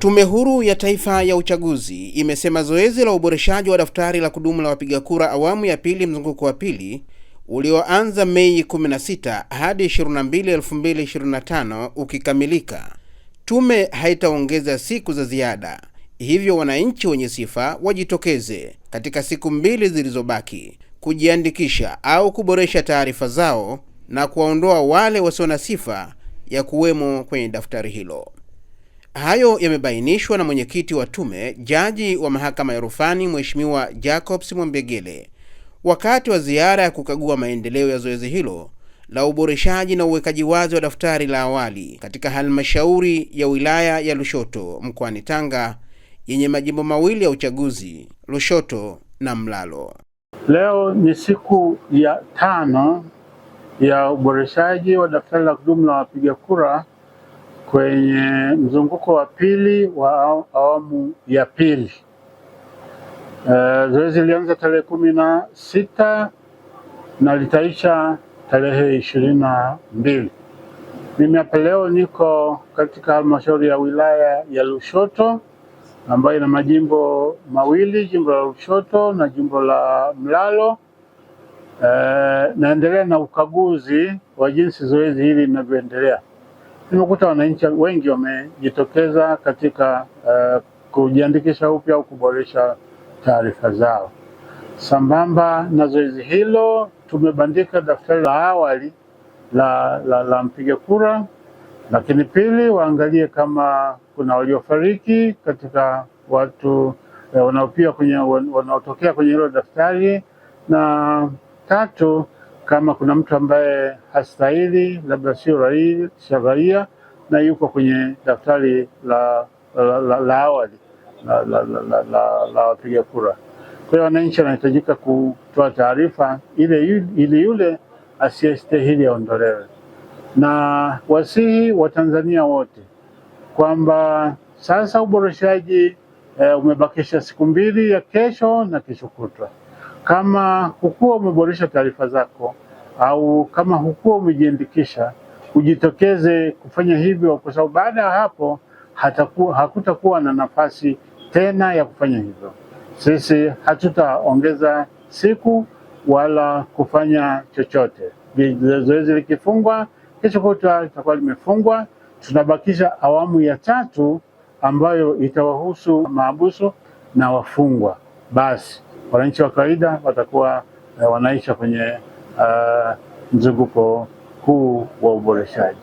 Tume Huru ya Taifa ya Uchaguzi imesema zoezi la uboreshaji wa daftari la kudumu la wapiga kura awamu ya pili mzunguko wa pili ulioanza Mei 16 hadi 22, 2025 ukikamilika, tume haitaongeza siku za ziada, hivyo wananchi wenye sifa wajitokeze katika siku mbili zilizobaki kujiandikisha au kuboresha taarifa zao na kuwaondoa wale wasio na sifa ya kuwemo kwenye daftari hilo. Hayo yamebainishwa na mwenyekiti wa tume, jaji wa mahakama ya rufani Mheshimiwa Jacobs Mwambegele wakati wa ziara ya kukagua maendeleo ya zoezi hilo la uboreshaji na uwekaji wazi wa daftari la awali katika halmashauri ya wilaya ya Lushoto mkoani Tanga yenye majimbo mawili ya uchaguzi, Lushoto na Mlalo. Leo ni siku ya tano ya uboreshaji wa daftari la kudumu la wapiga kura kwenye mzunguko wa pili wa awamu ya pili. Uh, zoezi lilianza tarehe kumi na sita na litaisha tarehe ishirini na mbili. Mimi hapa leo niko katika halmashauri ya wilaya ya Lushoto ambayo ina majimbo mawili, jimbo la Lushoto na jimbo la Mlalo. Uh, naendelea na ukaguzi wa jinsi zoezi hili linavyoendelea. Nimekuta wananchi wengi wamejitokeza katika uh, kujiandikisha upya au kuboresha taarifa zao. Sambamba na zoezi hilo, tumebandika daftari la awali la, la, la mpiga kura, lakini pili waangalie kama kuna waliofariki katika watu eh, wanaopia kwenye wanaotokea kwenye hilo daftari, na tatu kama kuna mtu ambaye hastahili, labda sio raia na yuko kwenye daftari la la awali la, la, la, la, la, la, la wapiga kura. Kwa hiyo wananchi wanahitajika kutoa taarifa ile ili yule asiyestahili aondolewe, na wasihi tanzania wote kwamba sasa uboreshaji eh, umebakisha siku mbili ya kesho na kesho kutwa. Kama hukuwa umeboresha taarifa zako au kama hukuwa umejiandikisha, ujitokeze kufanya hivyo, kwa sababu baada ya hapo hatakuwa, hakutakuwa na nafasi tena ya kufanya hivyo. Sisi hatutaongeza siku wala kufanya chochote. Zoezi likifungwa kesho kutwa litakuwa limefungwa. Tunabakisha awamu ya tatu ambayo itawahusu maabuso na wafungwa basi wananchi wa kawaida watakuwa eh, wanaisha kwenye uh, mzunguko huu wa uboreshaji.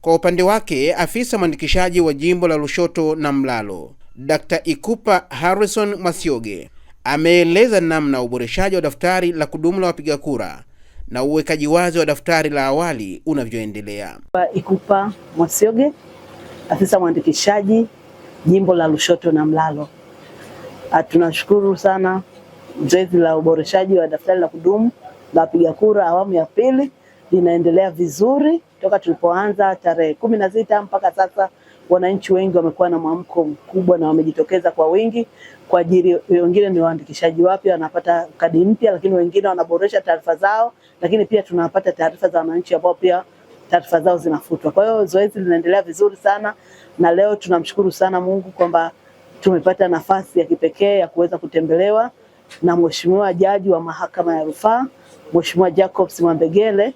Kwa upande wake, afisa mwandikishaji wa jimbo la Lushoto na Mlalo Dkt. Ikupa Harrison Mwasioge ameeleza namna uboreshaji wa daftari la kudumu la wapiga kura na uwekaji wazi wa daftari la awali unavyoendelea. Ikupa Mwasioge, afisa mwandikishaji jimbo la Lushoto na Mlalo. Ah, tunashukuru sana zoezi la uboreshaji wa daftari la kudumu la wapiga kura awamu ya pili linaendelea vizuri toka tulipoanza tarehe kumi na sita mpaka sasa. Wananchi wengi wamekuwa na mwamko mkubwa na wamejitokeza kwa wingi kwa ajili, wengine ni waandikishaji wapya wanapata kadi mpya, lakini wengine wanaboresha taarifa zao, lakini pia tunapata taarifa za wananchi ambao pia taarifa zao zinafutwa. Kwa hiyo zoezi linaendelea vizuri sana, na leo tunamshukuru sana Mungu kwamba tumepata nafasi ya kipekee ya kuweza kutembelewa na Mheshimiwa Jaji wa Mahakama ya Rufaa, Mheshimiwa Jacobs Mwambegele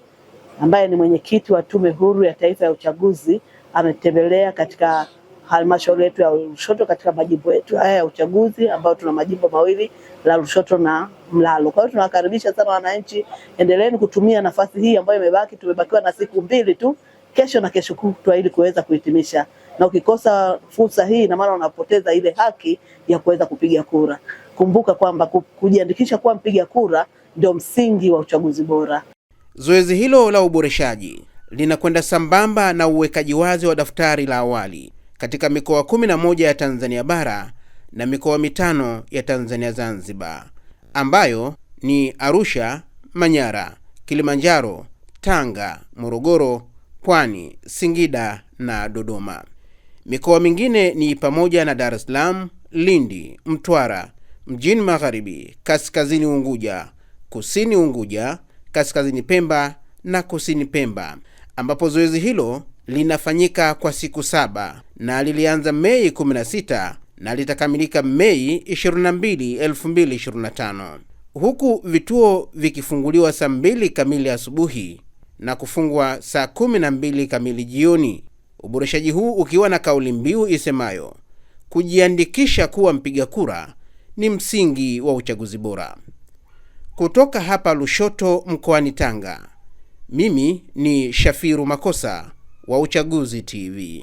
ambaye ni mwenyekiti wa Tume Huru ya Taifa ya Uchaguzi, ametembelea katika halmashauri yetu ya Lushoto katika majimbo yetu haya ya uchaguzi ambayo tuna majimbo mawili la Lushoto na Mlalo. Kwa hiyo tunawakaribisha sana wananchi, endeleeni kutumia nafasi hii ambayo imebaki. Tumebakiwa na siku mbili tu, kesho na kesho kutwa, ili kuweza kuhitimisha na ukikosa fursa hii, na maana unapoteza ile haki ya kuweza kupiga kura. Kumbuka kwamba kujiandikisha kuwa mpiga kura ndio msingi wa uchaguzi bora. Zoezi hilo la uboreshaji linakwenda sambamba na uwekaji wazi wa daftari la awali katika mikoa kumi na moja ya Tanzania bara na mikoa mitano ya Tanzania Zanzibar ambayo ni Arusha, Manyara, Kilimanjaro, Tanga, Morogoro, Pwani, Singida na Dodoma. Mikoa mingine ni pamoja na Dar es Salaam, Lindi, Mtwara, Mjini Magharibi, Kaskazini Unguja, Kusini Unguja, Kaskazini Pemba na Kusini Pemba, ambapo zoezi hilo linafanyika kwa siku saba na lilianza Mei 16 na litakamilika Mei 22, 2025 huku vituo vikifunguliwa saa 2 kamili asubuhi na kufungwa saa 12 kamili jioni. Uboreshaji huu ukiwa na kauli mbiu isemayo kujiandikisha kuwa mpiga kura ni msingi wa uchaguzi bora. Kutoka hapa Lushoto mkoani Tanga, mimi ni Shafiru Makosa wa Uchaguzi TV.